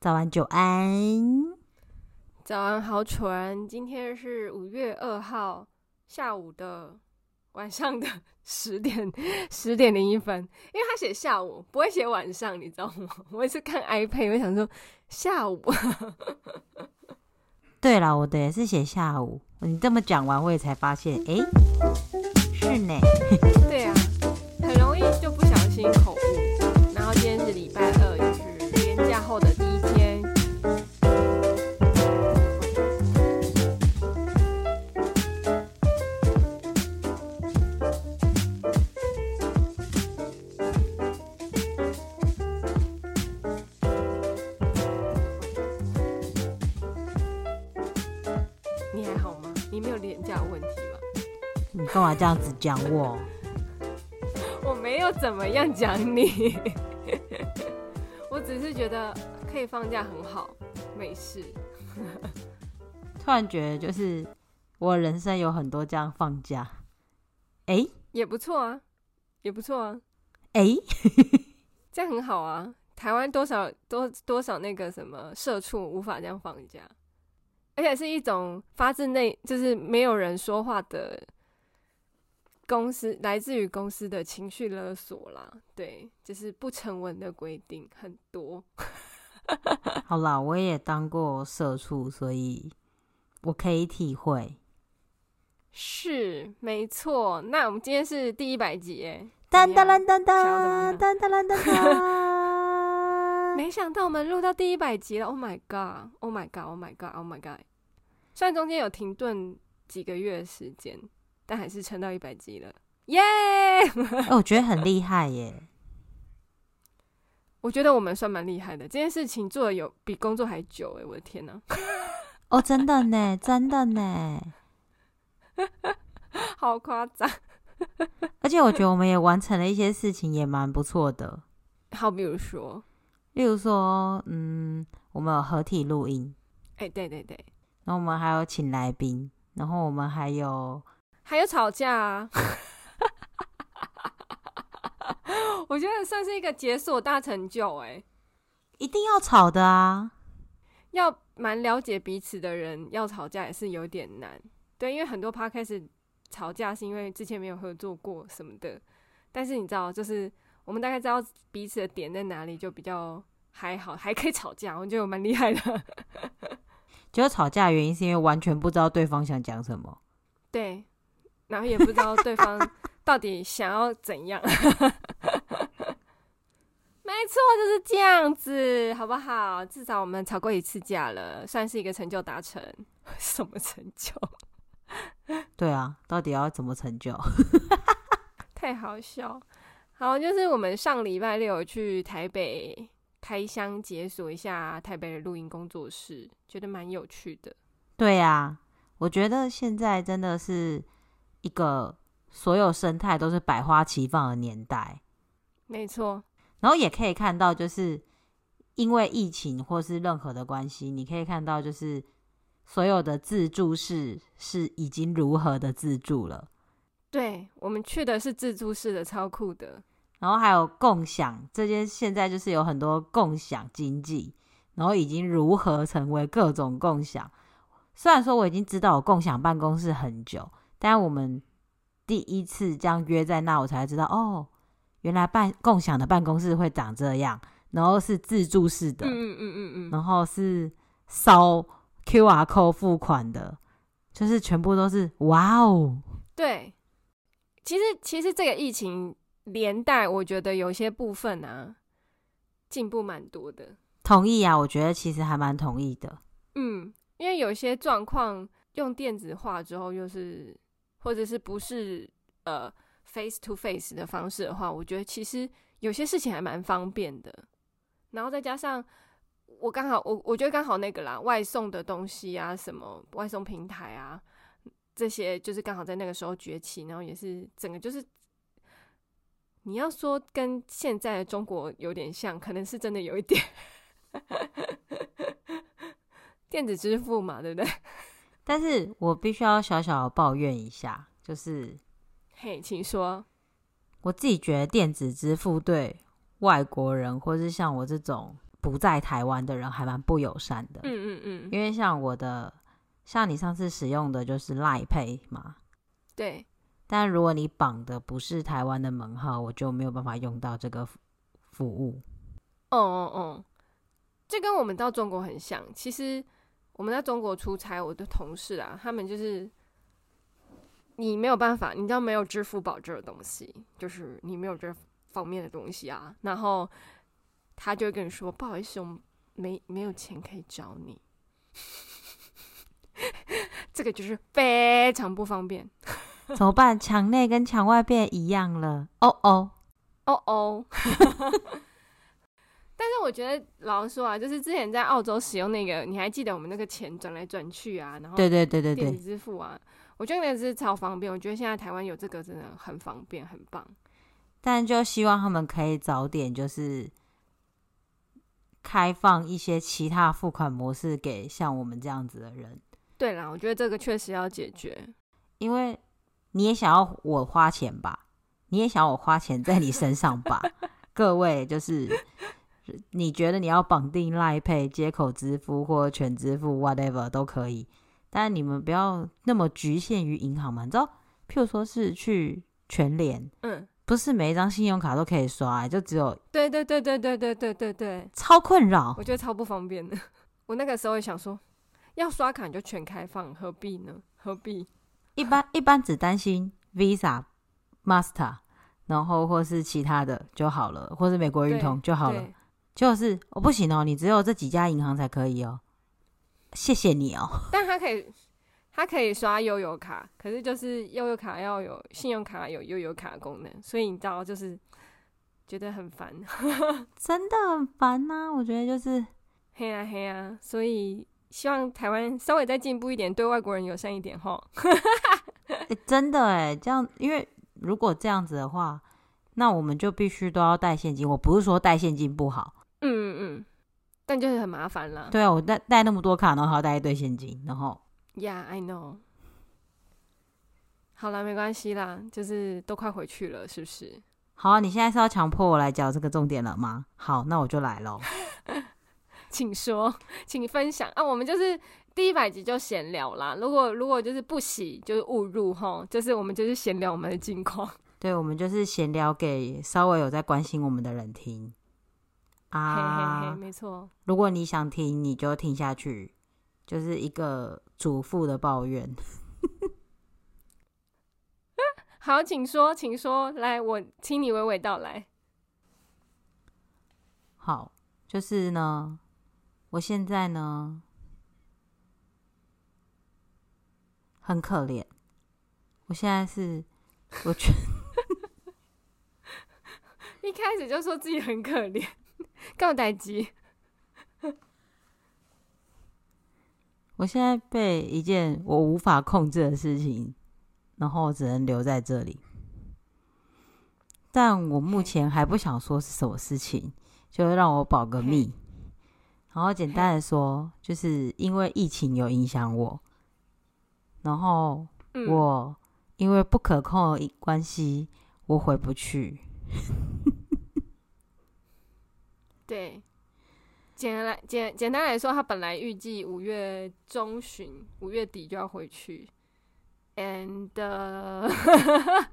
早安，久安。早安，好純。今天是五月二號下午的晚上的十點十點零一分，因為他寫下午，不會寫晚上，你知道嗎？我也是看 iPad，我想說下午。 對了，我對是寫下午。你這麼講完，我也才發現，誒、欸，是呢。 對啊，很容易就不小心口。問題嗎？你幹嘛這樣子講我？ 我沒有怎麼樣講你， 我只是覺得可以放假很好，沒事。 突然覺得，就是我人生有很多這樣放假，哎、欸，也不錯啊，也不錯啊，哎、欸， 這樣很好啊。台灣多少多多少那個什麼社畜無法這樣放假？而且是一種發自內，就是沒有人說話的公司，來自於公司的情緒勒索啦，對，就是不成文的規定很多。 好啦，我也當過社畜，所以我可以體會。是，沒錯。那我們今天是第一百集，哎，噠噠啦噠噠，噠噠啦噠沒想到我們錄到第一百集了！Oh my god! Oh my god! Oh my god! Oh my god! 雖然中間有停頓幾個月的時間，但還是撐到一百集了！耶、yeah! 欸！我覺得很厲害耶！ 我覺得我們算蠻厲害的，這件事情做的有比工作還久哎！我的天哪！哦、 oh，真的呢，真的呢，好誇張！而且我覺得我們也完成了一些事情，也蠻不錯的。好，比如說。例如說，嗯，我們有合體錄音，哎、欸，對對對，那我們還有請來賓，然後我們還有還有吵架啊，啊哈哈哈哈哈我覺得算是一個解鎖大成就哎、欸，一定要吵的啊，要蠻了解彼此的人要吵架也是有點難，對，因為很多 podcast 吵架是因為之前沒有合作過什麼的，但是你知道，就是我們大概知道彼此的點在哪裡，就比較。還好還可以吵架，我覺得我蠻厲害的。就 是吵架的原因是因為完全不知道對方想講什麼，對，然後也不知道對方到底想要怎樣。 沒錯，就是這樣子，好不好？至少我們吵過一次架了，算是一個成就達成。 什麼成就？ 對啊，到底要怎麼成就？ 太好笑。好，就是我們上禮拜六去台北。開箱解鎖一下台北的錄音工作室，覺得蠻有趣的。對啊，我覺得現在真的是一個所有生態都是百花齊放的年代。沒錯，然後也可以看到，就是因為疫情或是任何的關係，你可以看到就是所有的自助式是已經如何的自助了。對，我們去的是自助式的，超酷的。然後還有共享這些現在就是有很多共享經濟，然後已經如何成為各種共享。雖然說我已經知道我共享辦公室很久，但我們第一次這樣約在那，我才知道哦，原來辦共享的辦公室會長這樣，然後是自助式的，嗯嗯嗯嗯、然後是掃 QR Code 付款的，就是全部都是哇哦，對，其實其實這個疫情。連帶我覺得有些部分啊，進步蠻多的。同意啊，我覺得其實還蠻同意的。嗯，因為有些狀況用電子化之後，就是，又是或者是不是呃 face to face 的方式的話，我覺得其實有些事情還蠻方便的。然後再加上我剛好我我覺得剛好那個啦，外送的東西啊，什麼外送平台啊，這些就是剛好在那個時候崛起，然後也是整個就是。你要說跟現在的中國有點像，可能是真的有一點， 電子支付嘛，對不對？但是我必須要小小抱怨一下，就是，嘿，請說，我自己覺得電子支付對外國人，或是像我這種不在台灣的人，還蠻不友善的。嗯嗯嗯，因為像我的，像你上次使用的就是 Line Pay 嘛，對。但如果你綁的不是台灣的門號，我就沒有辦法用到這個服務。哦哦哦，這跟我們到中國很像。其實我們在中國出差，我的同事啊，他們就是你沒有辦法，你知道沒有支付寶這個東西，就是你沒有這方面的東西啊。然後他就會跟你說：“不好意思，我們沒沒有錢可以找你。 ”這個就是非常不方便。怎麼辦？牆內跟牆外變一樣了。哦哦哦哦！但是我覺得，老實說啊，就是之前在澳洲使用那個，你還記得我們那個錢轉來轉去啊？然後、啊、對對對對對，電子支付啊，我覺得那是超方便。我覺得現在台灣有這個真的很方便，很棒。但就希望他們可以早點就是開放一些其他付款模式給像我們這樣子的人。對啦，我覺得這個確實要解決，因為。你也想要我花錢吧？你也想要我花錢在你身上吧？ 各位，就是你覺得你要綁定 LINE Pay 街口支付或全支付，whatever 都可以，但你們不要那麼局限於銀行嘛。你知道，譬如說是去全聯，嗯，不是每一張信用卡都可以刷，欸，就只有……對對對對對對對對對，超困擾，我覺得超不方便的。我那個時候也想說，要刷卡你就全開放，何必呢？何必？一般一般只擔心 Visa、Master，然後或是其他的就好了，或是美國運通就好了。就是我、哦、不行哦，你只有這幾家銀行才可以哦。謝謝你哦。但他可以，他可以刷悠遊卡，可是就是悠遊卡要有信用卡有悠遊卡的功能，所以你知道就是覺得很煩， 真的很煩吶、啊。我覺得就是，嘿呀、啊，嘿呀、啊，所以。希望台灣稍微再進步一點，對外國人友善一點齁 、欸。真的哎，這樣，因為如果這樣子的話，那我們就必須都要帶現金。我不是說帶現金不好，嗯嗯嗯，但就是很麻煩了。對啊，我帶帶那麼多卡，然後還要帶一堆現金，然後。Yeah, I know。好了，沒關係啦，就是都快回去了，是不是？好、啊，你現在是要強迫我來講這個重點了嗎？好，那我就來嘍。請說，請分享啊！我們就是第一百集就閒聊啦。如果如果就是不喜，就是誤入吼，就是我們就是閒聊我們的近況。對，我們就是閒聊給稍微有在關心我們的人聽啊。Hey, hey, hey, 沒錯，如果你想聽，你就聽下去，就是一個主婦的抱怨。 啊、好，請說，請說，來，我聽你娓娓道來。好，就是呢。我現在呢，很可憐。我現在是，我覺得一開始就說自己很可憐，告代機。我現在被一件我無法控制的事情，然後只能留在這裡。但我目前還不想說是什麼事情，就會讓我保個密。然後簡單的說，Hey. 就是因為疫情有影響我，然後我因為不可控的關係，嗯、我回不去。 對，簡單來簡簡單來說，他本來預計五月中旬，五月底就要回去，and，、uh、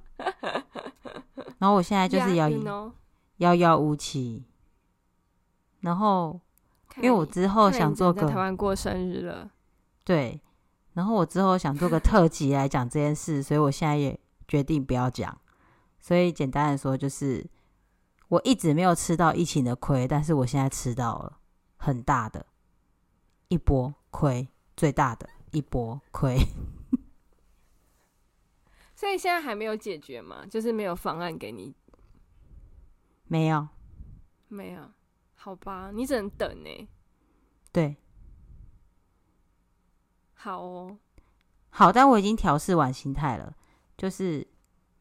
然後我現在就是要，遙遙、yeah, N 無期，然後。因為我之後想做個台灣過生日了，對，然後我之後想做個特輯來講這件事，所以我現在也決定不要講。所以簡單的說，就是我一直沒有吃到疫情的虧，但是我現在吃到了很大的一波虧，最大的一波虧。所以現在還沒有解決嗎？就是沒有方案給你？沒有，沒有。好吧，你只能等呢、欸？對，好哦，好，但我已經調試完心態了，就是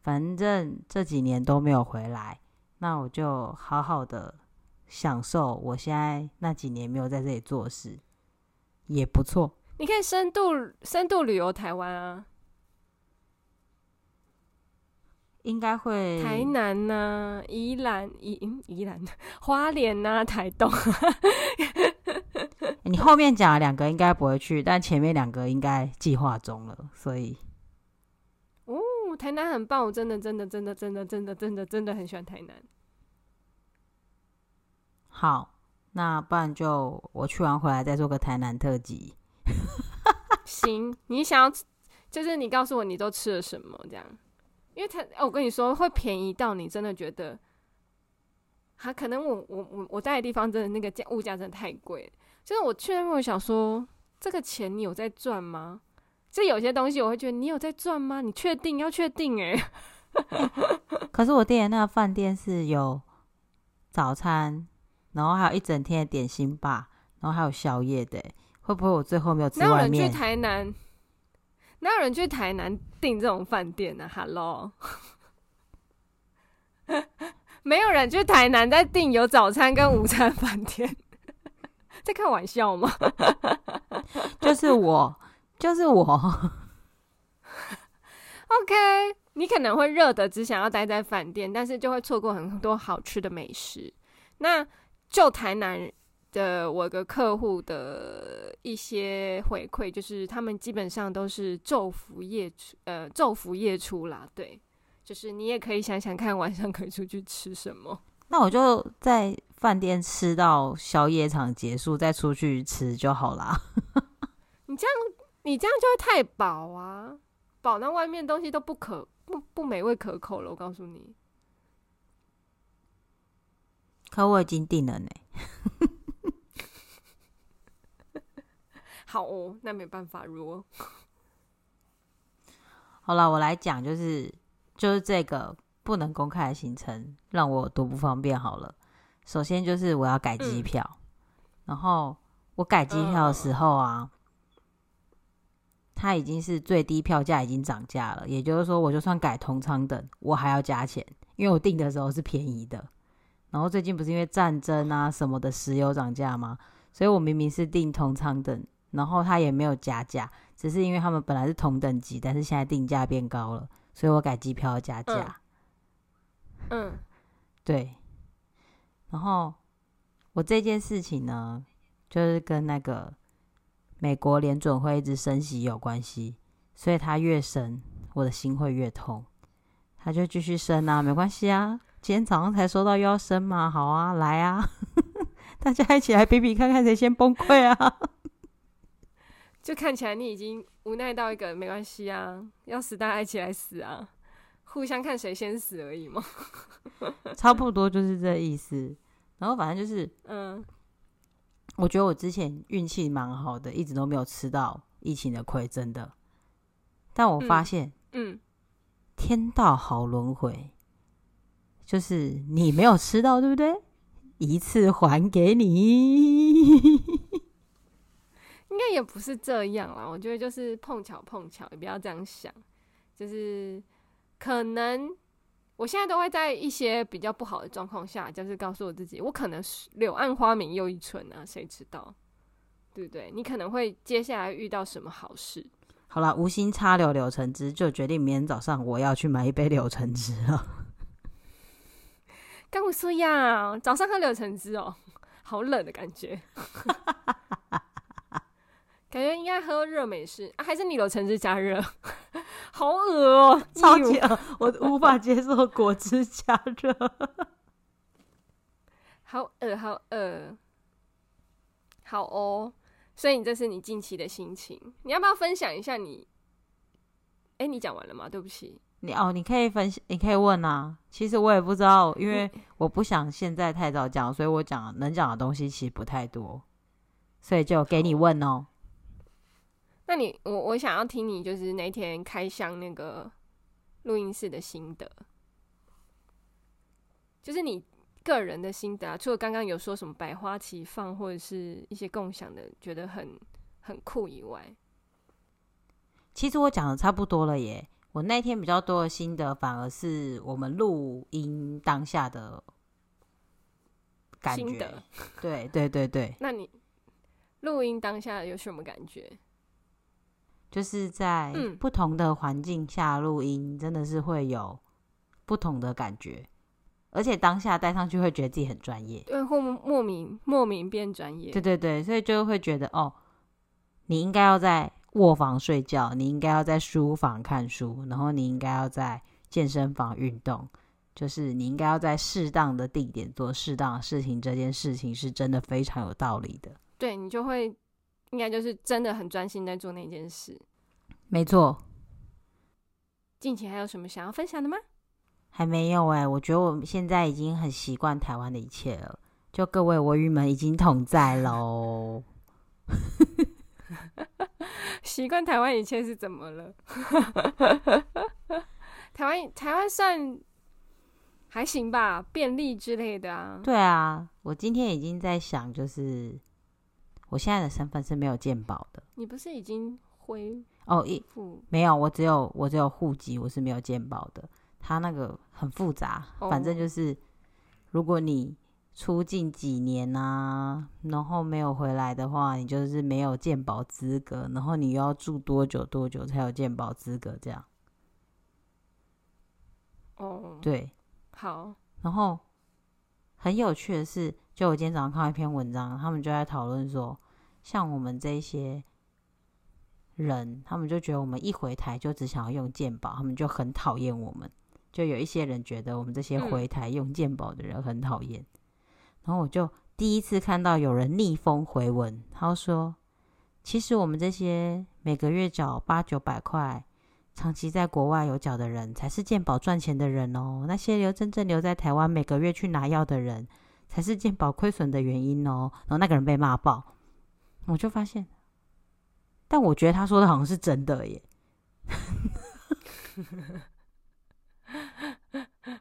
反正這幾年都沒有回來，那我就好好的享受我現在。那幾年沒有在這裡做事也不錯。你可以深度深度旅遊台灣啊。應該會台南吶、啊，宜蘭、嗯、宜宜蘭花蓮吶、啊，台東。 欸、你後面講了兩個應該不會去，但前面兩個應該計劃中了。所以，哦，台南很棒，我真的真的真的真的真的真的真的真的很喜歡台南。好，那不然就我去完回來再做個台南特輯。 行，你想要就是你告訴我你都吃了什麼這樣。因為他、哦，我跟你說，會便宜到你真的覺得，啊，可能我我我我待的地方真的那個價物價真的太貴，就是我去那，我想說，這個錢你有在賺嗎？就有些東西我會覺得你有在賺嗎？你確定要確定？哎、欸， 可是我訂的那個飯店是有早餐，然後還有一整天的點心吧，然後還有宵夜的、欸，會不會我最後沒有吃？有人去台南？哪有人去台南訂這種飯店呢、啊。Hello， 沒有人去台南在訂有早餐跟午餐飯店， 在開玩笑嗎？ 就是我，就是我。 OK，你可能會熱得，只想要待在飯店，但是就會錯過很多好吃的美食。那就台南人的我的客戶的一些回饋，就是他們基本上都是晝伏夜出，呃，晝伏夜出啦。對，就是你也可以想想看，晚上可以出去吃什麼。那我就在飯店吃到宵夜場結束，再出去吃就好啦。 你這樣，你這樣就會太飽啊！飽，那外面的東西都不可不不美味可口了。我告訴你，可我已經定了呢。 好哦，那沒辦法，果 好了，我來講，就是就是這個不能公開的行程讓我多不方便。好了，首先就是我要改機票，嗯、然後我改機票的時候啊，呃、它，已經是最低票價已經漲價了，也就是說，我就算改同艙等，我還要加錢，因為我訂的時候是便宜的。然後最近不是因為戰爭啊什麼的，石油漲價嗎？所以我明明是訂同艙等。然後他也沒有加價，只是因為他們本來是同等級，但是現在定價變高了，所以我改機票要加價。嗯，嗯對。然後我這件事情呢，就是跟那個美國聯準會一直升息有關係，所以它越升，我的心會越痛。它就繼續升啊，沒關係啊，今天早上才收到又要升嘛，好啊，來啊， 大家一起來比比看看誰先崩潰啊！ 就看起來你已經無奈到一個，沒關係啊，要死大家一起來死啊，互相看誰先死而已嘛， 差不多就是這意思。然後反正就是，嗯，我覺得我之前運氣蠻好的，一直都沒有吃到疫情的虧，真的。但我發現，嗯，嗯，天道好輪回，就是你沒有吃到， 對不對？一次還給你。 也不是這樣啦，我覺得就是碰巧碰巧，也不要這樣想，就是可能我現在都會在一些比較不好的狀況下，就是告訴我自己，我可能是柳暗花明又一村啊。誰知道，對不對？你可能會接下來遇到什麼好事。好啦，無心插柳柳橙汁，就決定明天早上我要去買一杯柳橙汁了。剛我說呀，早上喝柳橙汁哦、喔，好冷的感覺。 感覺應該喝熱美式啊，還是你用橙汁加熱？ 好噁哦、喔，超級噁、啊！ 我無法接受果汁加熱。 好噁，好噁，好哦。所以你這是你近期的心情，你要不要分享一下你？哎、欸，你講完了嗎？對不起，你哦，你可以分享，你可以問啊。其實我也不知道，因為我不想現在太早講，所以我講能講的東西其實不太多，所以就給你問哦。嗯那你我我想要聽你就是那一天開箱那個錄音室的心得，就是你個人的心得啊。除了剛剛有說什麼百花齊放或者是一些共享的，覺得很很酷以外，其實我講的差不多了耶。我那天比較多的心得，反而是我們錄音當下的感覺。心得。對對對對， 那你錄音當下有什麼感覺？就是在不同的環境下嗯、錄音，真的是會有不同的感覺，而且當下戴上去會覺得自己很專業，對，會莫名莫名變專業，對對對，所以就會覺得哦，你應該要在臥房睡覺，你應該要在書房看書，然後你應該要在健身房運動，就是你應該要在適當的地點做適當的事情，這件事情是真的非常有道理的，對，你就會。應該就是真的很專心在做那件事，沒錯錯。近期還有什麼想要分享的嗎？還沒有哎、欸，我覺得我們現在已經很習慣台灣的一切了。就各位，我與你們已經同在嘍。習 慣 台灣一切是怎麼了？ 台灣台灣算還行吧，便利之類的啊。對啊，我今天已經在想，就是。我現在的身份是沒有健保的。你不是已經恢復？哦、以沒有，我只有我只有戶籍，我是沒有健保的。他那個很複雜，哦、反正就是如果你出境幾年啊，然後沒有回來的話，你就是沒有健保資格。然後你又要住多久多久才有健保資格？這樣。哦，對，好。然後很有趣的是，就我今天早上看一篇文章，他們就在討論說。像我們這些人，他們就覺得我們一回台就只想要用健保，他們就很討厭我們。就有一些人覺得我們這些回台用健保的人很討厭。然後我就第一次看到有人逆風回文，他說：“其實我們這些每個月繳八九百塊、長期在國外有繳的人，才是健保賺錢的人哦。那些留真正留在台灣、每個月去拿藥的人，才是健保虧損的原因哦。”然後那個人被罵爆。我就發現，但我覺得他說的好像是真的耶。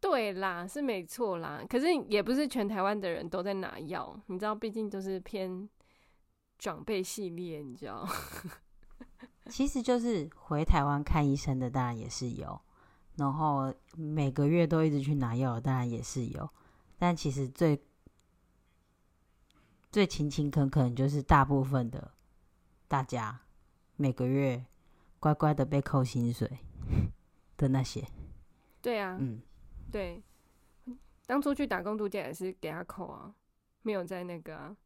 對啦，是沒錯啦。可是也不是全台灣的人都在拿藥，你知道，畢竟都是偏長輩系列，你知道。 其實就是回台灣看醫生的，當然也是有。然後每個月都一直去拿藥的，當然也是有。但其實最。最勤勤懇懇就是大部分的大家每個月乖乖的被扣薪水的那些，對啊，嗯，對，當初去打工度假也是給他扣啊，沒有在那個、啊，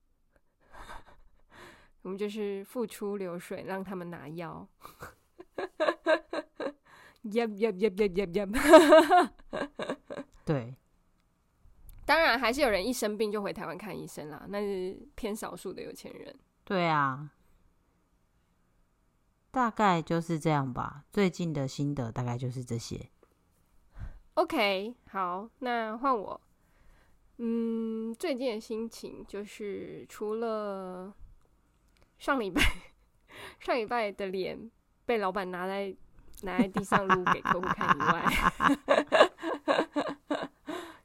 我們就是付出流水讓他們拿藥。 yep, yep, yep, yep, yep, 對。當然，還是有人一生病就回台灣看醫生啦，那是偏少數的有錢人。對啊，大概就是這樣吧。最近的心得大概就是這些。OK，好，那換我。嗯，最近的心情就是除了上禮拜，上禮拜的臉被老板拿來拿來地上露給客戶看以外。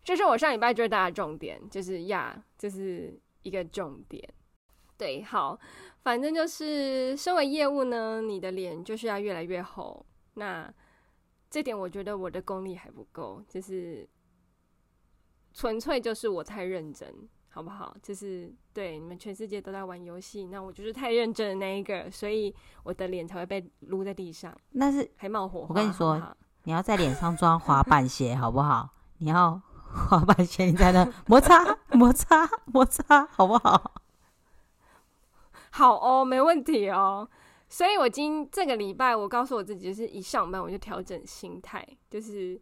就是我上禮拜最大的重點，就是呀、yeah, 就是一個重點。對，好，反正就是，身為業務呢，你的臉就是要越來越厚。那這點我覺得我的功力還不夠，就是純粹就是我太認真，好不好？就是對你們全世界都在玩遊戲，那我就是太認真的那一個，所以我的臉才會被擼在地上。但是還冒火！我跟你說，好好，你要在臉上裝滑板鞋， 好不好？你要。滑板鞋在那摩擦 摩擦摩擦，好不好？好哦，沒問題哦。所以我今這個禮拜，我告訴我自己，就是一上班我就調整心態，就是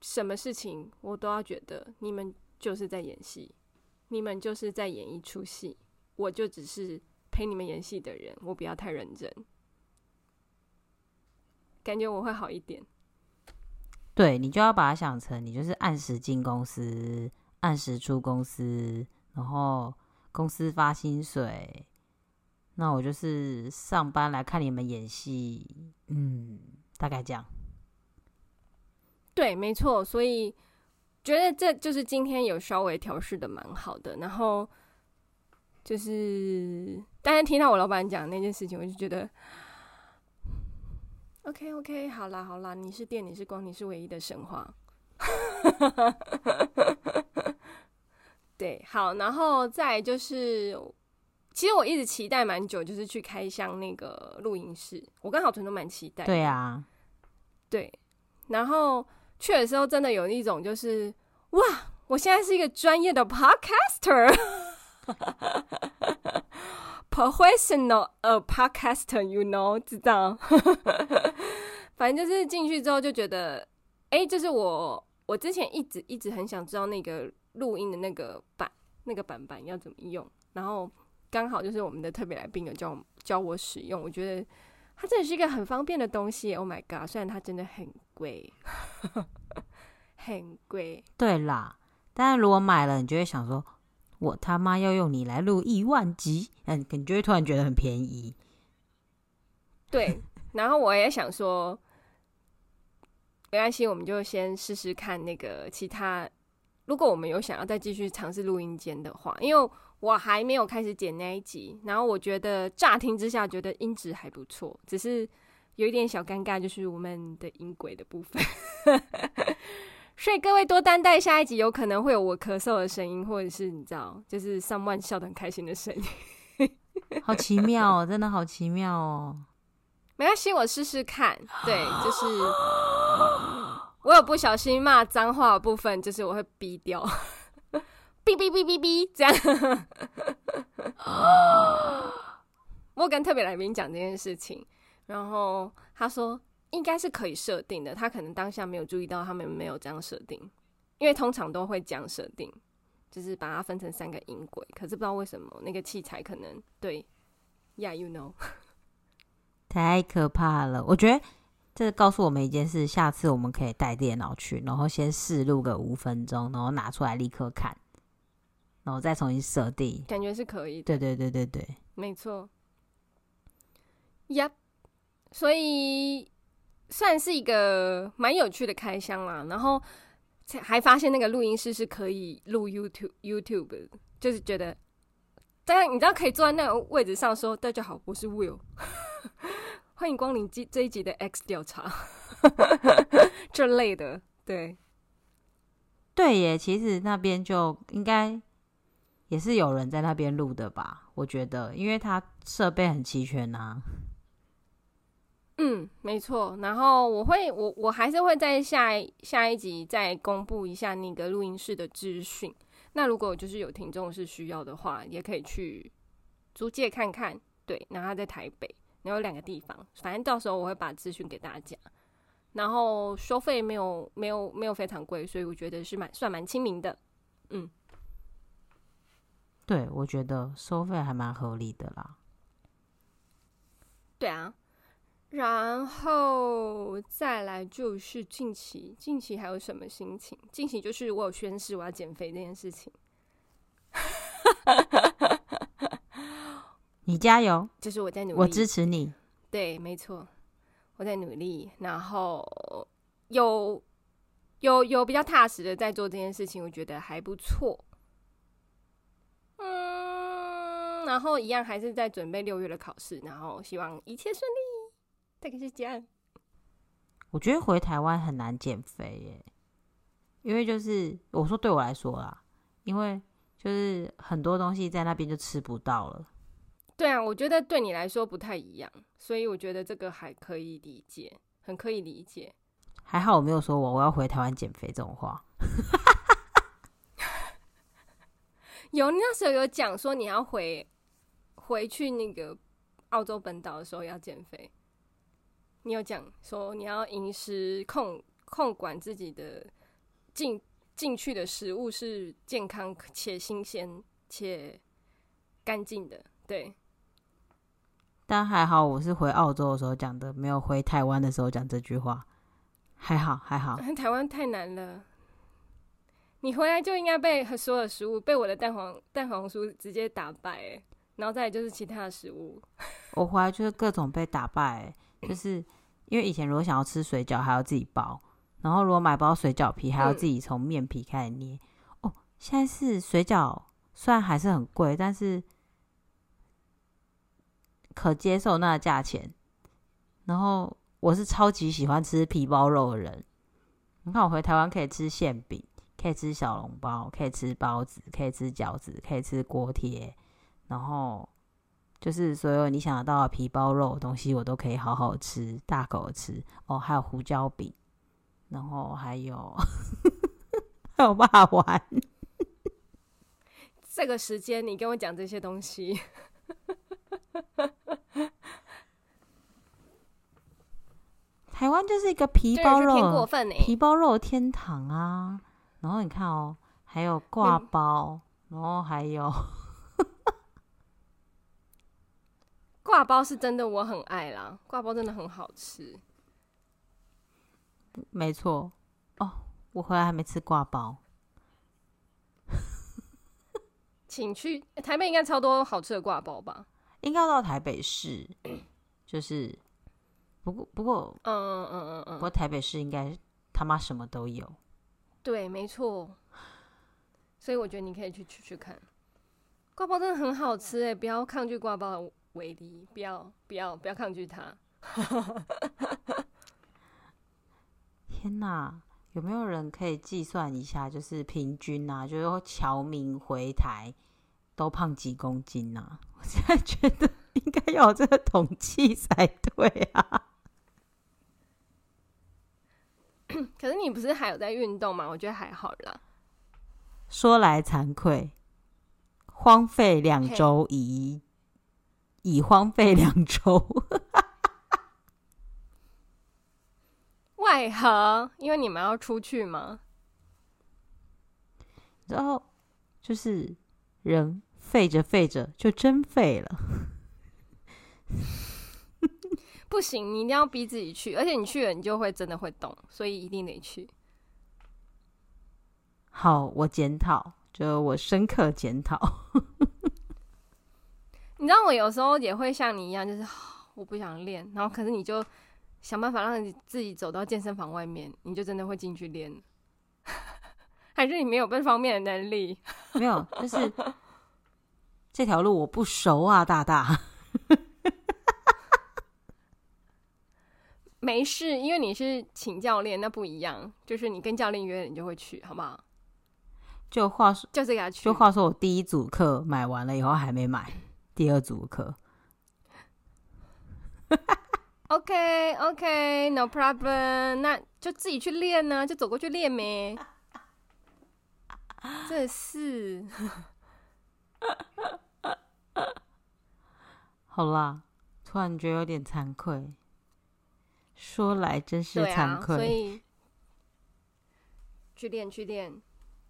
什麼事情我都要覺得你們就是在演戲，你們就是在演一出戲，我就只是陪你們演戲的人，我不要太認真，感覺我會好一點。對你就要把它想成，你就是按時進公司，按時出公司，然後公司發薪水，那我就是上班來看你們演戲，嗯，大概這樣。對，沒錯，所以覺得這就是今天有稍微調試的蠻好的，然後就是大家聽到我老板講那件事情，我就覺得。OK，OK，okay, okay, 好啦，好啦，你是電，你是光，你是唯一的神話。 對，好，然後再就是，其實我一直期待蠻久，就是去開箱那個錄音室，我跟郝純都蠻期待。對啊，對，然後去的時候真的有一種就是，哇，我現在是一個專業的 podcaster。 Professional a、uh, podcaster, you know，知道。 反正就是進去之後就覺得，哎、欸，這、就是我，我之前一直一直很想知道那個錄音的那個版，那個板板要怎麼用。然後剛好就是我們的特別來賓有教教我使用，我覺得它真的是一個很方便的東西。Oh my god，雖然它真的很貴， 很貴。對啦，但是如果我買了，你就會想說。我他媽要用你來錄一萬集，嗯，感覺會突然覺得很便宜。對，然後我也想說， 沒關係，我們就先試試看那個其他。如果我們有想要再繼續嘗試錄音間的話，因為我還沒有開始剪那一集，然後我覺得乍聽之下覺得音質還不錯，只是有一點小尷尬，就是我們的音軌的部分。 所以各位多擔待，下一集有可能會有我咳嗽的聲音，或者是你知道，就是上 e 笑的很開心的聲音，好奇妙哦，真的好奇妙哦。 沒關係，我試試看。對，就是我有不小心罵髒話的部分，就是我會逼掉，嗶嗶嗶嗶嗶，這樣。莫 根特別來跟講這件事情，然後他說。應該是可以設定的，他可能當下沒有注意到他們沒有這樣設定，因為通常都會這樣設定，就是把它分成三個音軌。可是不知道為什麼那個器材可能對，Yeah，you know， 太可怕了。我覺得這個，告訴我們一件事：下次我們可以帶電腦去，然後先試錄個五分鐘，然後拿出來立刻看，然後再重新設定。感覺是可以。對對對對對，沒錯。Yep，所以。算是一個蠻有趣的開箱啦，然後還發現那個錄音室是可以錄 you YouTube，YouTube，就是覺得大家你知道可以坐在那個位置上說：“大家好，我是 Will， 歡迎光臨這一集的 X 調查”這 類的，對，對耶，其實那邊就應該也是有人在那邊錄的吧？我覺得，因為它設備很齊全吶、啊。嗯，沒錯。然後我會，我我還是會在下下一集再公布一下那個錄音室的資訊。那如果就是有聽眾是需要的話，也可以去租借看看。對，然後在台北，然後兩個地方，反正到時候我會把資訊給大家。然後收費沒有沒有沒有非常貴，所以我覺得是蠻算蠻親民的。嗯，對，我覺得收費還蠻合理的啦。對啊。然後再來就是近期，近期還有什麼心情？近期就是我有宣誓，我要減肥這件事情。 你加油！就是我在努力，我支持你。對，沒錯，我在努力。然後有有有比較踏實的在做這件事情，我覺得還不錯。嗯，然後一樣還是在準備六月的考試，然後希望一切順利。這個是這樣。我覺得回台灣很難減肥耶，因為就是我說對我來說啦，因為就是很多東西在那邊就吃不到了。對啊，我覺得對你來說不太一樣，所以我覺得這個還可以理解，很可以理解。還好我沒有說我我要回台灣減肥這種話。 有，那時候有講說你要回回去那個澳洲本島的時候要減肥。你有講說你要飲食控控管自己的進進去的食物是健康且新鮮且乾淨的，對。但還好我是回澳洲的時候講的，沒有回台灣的時候講這句話。還好，還好。台灣太難了。你回來就應該被所有的食物，被我的蛋黃蛋黃酥直接打敗，欸，然後再就是其他的食物。我回來就是各種被打敗，欸，就是。 因為以前如果想要吃水餃，還要自己包，然後如果買包水餃皮，還要自己從麵皮開始捏。哦，現在是水餃，雖然還是很貴，但是可接受那個價錢。然後我是超級喜歡吃皮包肉的人。你看，我回台灣可以吃餡餅，可以吃小籠包，可以吃包子，可以吃餃子，可以吃鍋貼，然後。就是所有你想得到的皮包肉東西，我都可以好好吃，大口吃哦。還有胡椒餅，然後還有 還有肉圓。這個時間你跟我講這些東西， 台灣就是一個皮包肉，過分呢！皮包肉天堂啊！然後你看哦，還有刈包，嗯、然後還有。 刈包是真的，我很愛啦。刈包真的很好吃，沒錯。哦，我回來還沒吃刈包， 請去台北應該超多好吃的刈包吧？應該要到台北市， 就是不過不過嗯嗯嗯嗯嗯，不過台北市應該他媽什麼都有。對，沒錯。所以我覺得你可以去去去看刈包，真的很好吃哎，欸！不要抗拒刈包。不要不要不要抗拒他。 天哪，有沒有人可以計算一下，就是平均啊，就是僑民回台都胖幾公斤呢？啊？我現在覺得應該要有這個統計才對啊。可是你不是還有在運動嗎？我覺得還好啦。說來慚愧，荒廢兩週矣。Hey. 已荒廢兩週，為何？因為你們要出去嗎？然後就是人廢着廢着就真廢了 不行，你一定要逼自己去，而且你去了，你就會真的會動，所以一定得去。好，我檢討，就我深刻檢討。 你知道我有時候也會像你一樣，就是我不想練，然後可是你就想辦法讓你自己走到健身房外面，你就真的會進去練， 還是你沒有這方面的能力？沒有，就是 這條路我不熟啊，大大。 沒事，因為你是請教練，那不一樣，就是你跟教練約了，你就會去，好不好？就話說，就這個要去。就話說，我第一組課買完了以後還沒買。第二組課 ，OK OK no problem，那就自己去練呢？啊，就走過去練唄。 這是， 好啦，突然覺得有點慚愧，說來真是慚愧。啊、所以去練去練，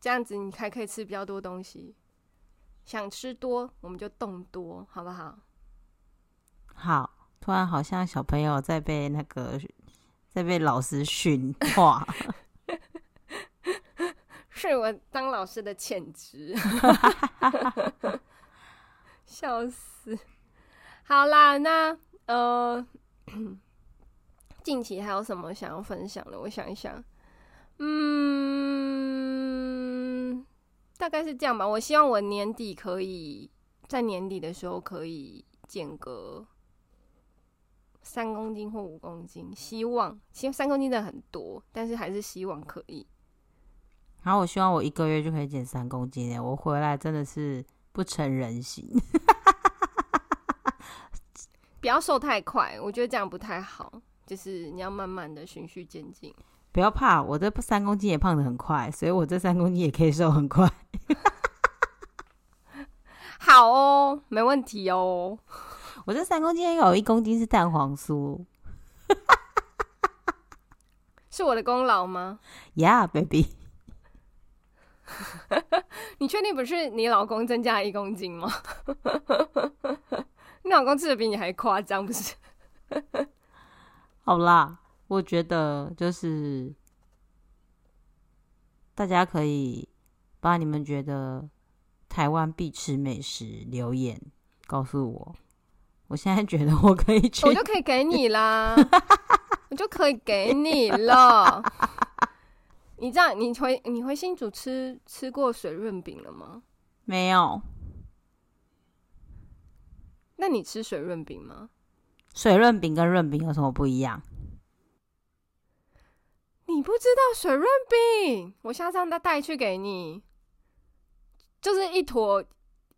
這樣子你才可以吃比較多東西。想吃多，我們就動多，好不好？好，突然好像小朋友在被那個，在被老師訓話， 是我當老師的潛質，笑死！好啦，那呃， 近期還有什麼想要分享的？我想一想，嗯。大概是這樣吧。我希望我年底可以在年底的時候可以減個三公斤或五公斤。希望其實三公斤的很多，但是還是希望可以。然後我希望我一個月就可以減三公斤耶！我回來真的是不成人形， 不要瘦太快，我覺得這樣不太好。就是你要慢慢的循序漸進。不要怕，我這三公斤也胖得很快，所以我這三公斤也可以瘦很快。 好哦，沒問題哦。我這三公斤有一公斤是蛋黃酥， 是我的功勞嗎？Yeah，baby。Yeah, baby 你確定不是你老公增加一公斤嗎？ 你老公吃的比你還誇張，不是？ 好啦。我覺得就是大家可以把你們覺得台灣必吃美食留言告訴我。我現在覺得我可以吃，我就可以給你啦，我就可以給你了。你這樣，你回你回新竹吃吃過水潤餅了嗎？沒有。那你吃水潤餅嗎？水潤餅跟潤餅有什麼不一樣？你不知道水潤餅，我下次讓他帶去給你。就是一坨，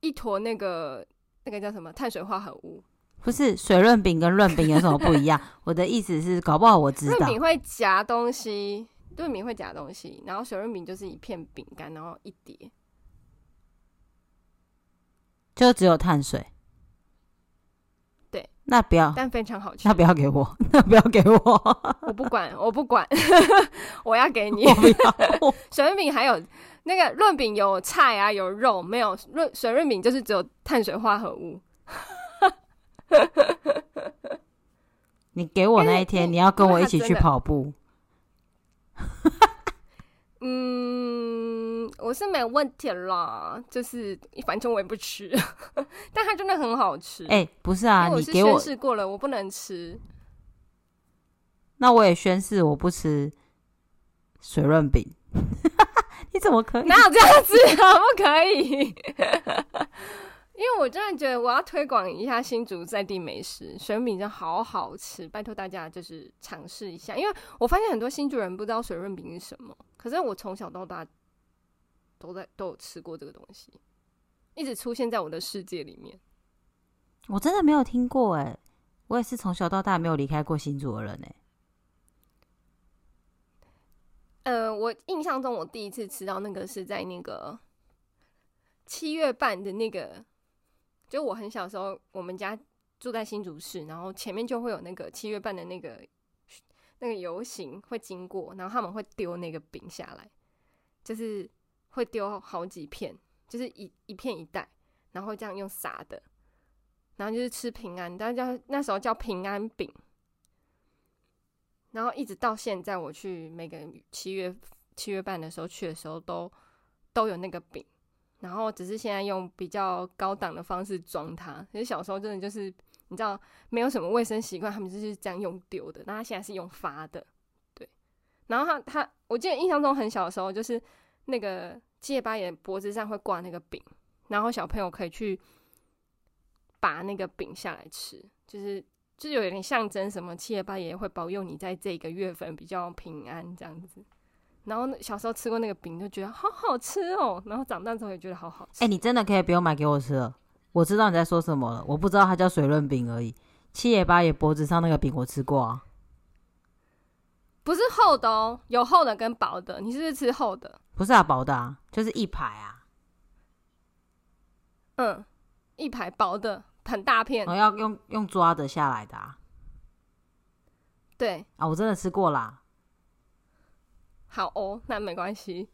一坨那個，那個叫什麼？碳水化合物？不是，水潤餅跟潤餅有什麼不一樣？ 我的意思是，搞不好我知道。潤餅會夾東西，潤餅會夾東西，然後水潤餅就是一片餅乾，然後一碟，就只有碳水。那不要，但非常好吃。那不要給我，那不要給我， 我不管，我不管， 我要給你。不要，水潤餅還有那個潤餅有菜啊，有肉，沒有潤水潤餅就是只有碳水化合物。 你給我那一天，你，你要跟我一起去跑步。 嗯，我是沒有問題啦，就是反正我也不吃，但它真的很好吃。哎、欸，不是啊，你是宣誓過了，我，我不能吃。那我也宣誓我不吃水潤餅。 你怎麼可以？哪有這樣子啊？不可以。 因為我真的覺得我要推廣一下新竹在地美食，水潤餅真的好好吃，拜托大家就是嘗試一下。因為我發現很多新竹人不知道水潤餅是什麼，可是我從小到大都在都有吃過這個東西，一直出現在我的世界裡面。我真的沒有聽過哎，我也是從小到大沒有離開過新竹的人呢。呃，我印象中我第一次吃到那個是在那個七月半的那個。就我很小時候，我們家住在新竹市，然後前面就會有那個七月半的那個那個遊行會經過，然後他們會丟那個餅下來，就是會丟好幾片，就是一一片一袋，然後這樣用撒的，然後就是吃平安，但叫那時候叫平安餅，然後一直到現在，我去每個七月七月半的時候去的時候都，都都有那個餅。然後只是現在用比較高檔的方式裝它，其實小時候真的就是你知道沒有什麼衛生習慣，他們就是這樣用丟的。那他現在是用發的，對。然後他他，我記得印象中很小的時候，就是那個七爺八爺脖子上會掛那個餅，然後小朋友可以去拔那個餅下來吃，就是就是有點象徵什麼，七爺八爺會保佑你在這個月份比較平安這樣子。然後小時候吃過那個餅，就覺得好好吃哦。然後長大之後也覺得好好吃。哎、欸，你真的可以不用買給我吃了。我知道你在說什麼了。我不知道它叫水潤餅而已。七爺八爺脖子上那個餅我吃過啊，不是厚的哦，有厚的跟薄的。你是不是吃厚的？不是啊，薄的啊，就是一排啊。嗯，一排薄的，很大片。我、哦、要用用抓的下來的啊。對啊，我真的吃過啦。好哦，那沒關係，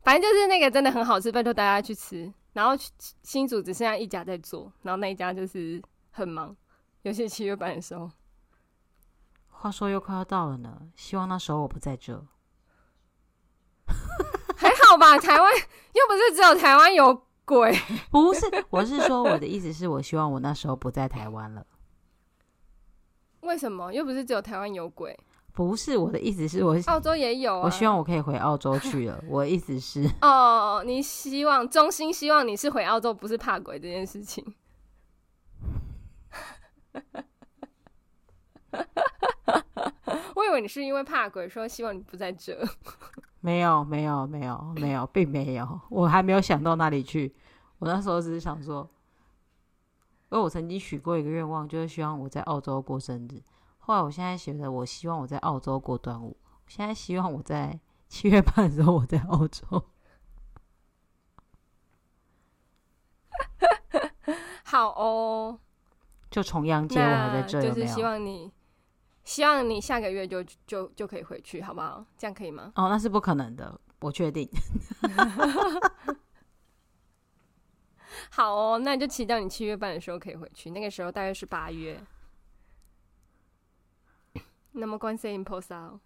反正就是那個真的很好吃，拜託大家去吃。然後新組只剩下一家在做，然後那一家就是很忙，尤其七月半的時候。話說又快要到了呢，希望那時候我不在這。還好吧， 台灣又不是只有台灣有鬼。不是，我是說我的意思是我希望我那時候不在台灣了。為什麼？又不是只有台灣有鬼。不是我的意思，是我澳洲也有、啊。我希望我可以回澳洲去了。 我的意思是，哦，你希望，衷心希望你是回澳洲，不是怕鬼這件事情。我以為你是因為怕鬼說希望你不在這。 沒有，沒有，沒有，沒有，並沒有。我還沒有想到哪裡去。我那時候只是想說，因為我曾經許過一個願望，就是希望我在澳洲過生日。後來我現在覺得，我希望我在澳洲過端午。現在希望我在七月半的時候我在澳洲。 好哦。就重陽節我還在這裡，就是希望你，希望你下個月就就就可以回去，好不好？這樣可以嗎？哦，那是不可能的，我確定。 好哦，那你就期待你七月半的時候可以回去，那個時候大概是八月。那麼關心破燒，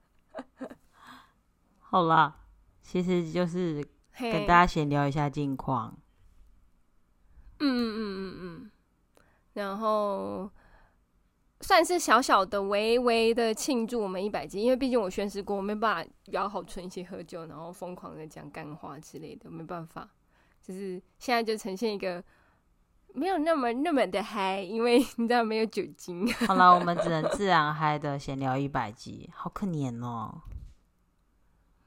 好啦，其實就是跟大家閒聊一下近況。Hey, 嗯嗯嗯嗯嗯，然後算是小小的、微微的慶祝我們一百集，因為畢竟我宣誓過，我沒辦法搖好一起喝酒，然後瘋狂的講幹話之類的，沒辦法，就是現在就呈現一個。沒有那麼那麼的嗨，因為你知道沒有酒精。好了啦， 我們只能自然嗨的閒聊一百集，好可憐哦、喔。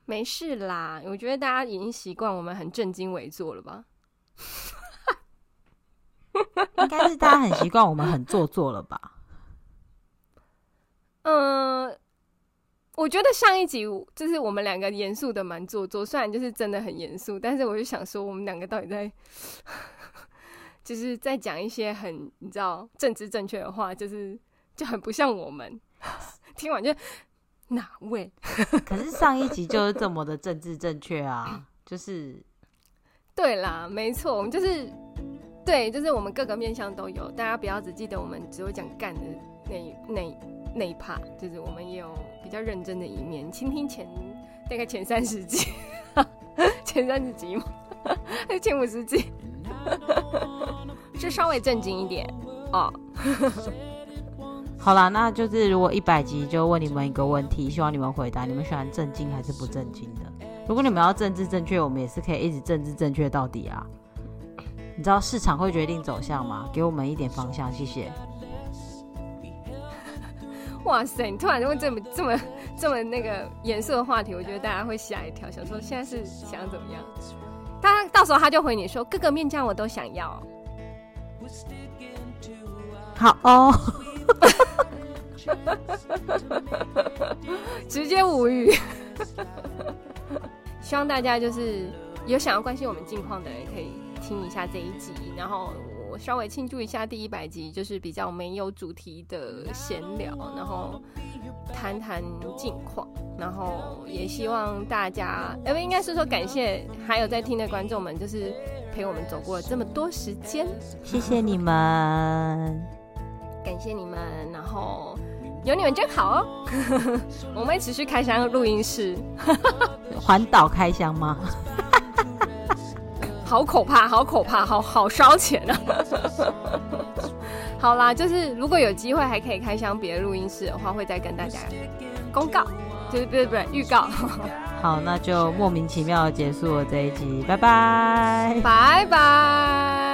沒事啦，我覺得大家已經習慣我們很正襟危坐了吧？ 應該是大家很習慣我們很做作了吧？ 嗯，我覺得上一集就是我們兩個嚴肅的蠻做作，雖然就是真的很嚴肅，但是我就想說，我們兩個到底在？ 就是在講一些很，你知道，政治正確的話，就是就很不像我們。聽完就哪位？ 可是上一集就是這麼的政治正確啊， 就是對啦，沒錯，我們就是對，就是我們各個面向都有，大家不要只記得我們只有講幹的那那那一趴，就是我們也有比較認真的一面。傾聽前大概前三十集， 前三十集, 嗎，還是前五十集？就稍微正經一點哦。 好啦，那就是如果一百集就問你們一個問題，希望你們回答：你們喜歡正經還是不正經的？如果你們要政治正確，我們也是可以一直政治正確到底啊。 你知道市場會決定走向嗎？給我們一點方向，謝謝。哇塞，你突然就問這麼這麼這麼那個嚴肅的話題，我覺得大家會嚇一跳。想說現在是想怎麼樣？他到時候他就回你說：各個面醬我都想要。好哦， 直接無語。 希望大家就是有想要關心我們近況的人，可以聽一下這一集，然後我稍微慶祝一下第一百集，就是比較沒有主題的閒聊，然後談談近況，然後也希望大家，哎，不應該是說感謝，還有在聽的觀眾們，就是。陪我們走過了這麼多時間，謝謝你們，感謝你們，然後有你們真好哦。 我們一起去開箱錄音室， 環島開箱嗎？ 好可怕，好可怕，好好燒錢啊！ 好啦，就是如果有機會還可以開箱別的錄音室的話，會再跟大家公告，對對對，預告。 好，那就莫名其妙的結束我這一集，拜拜，拜拜。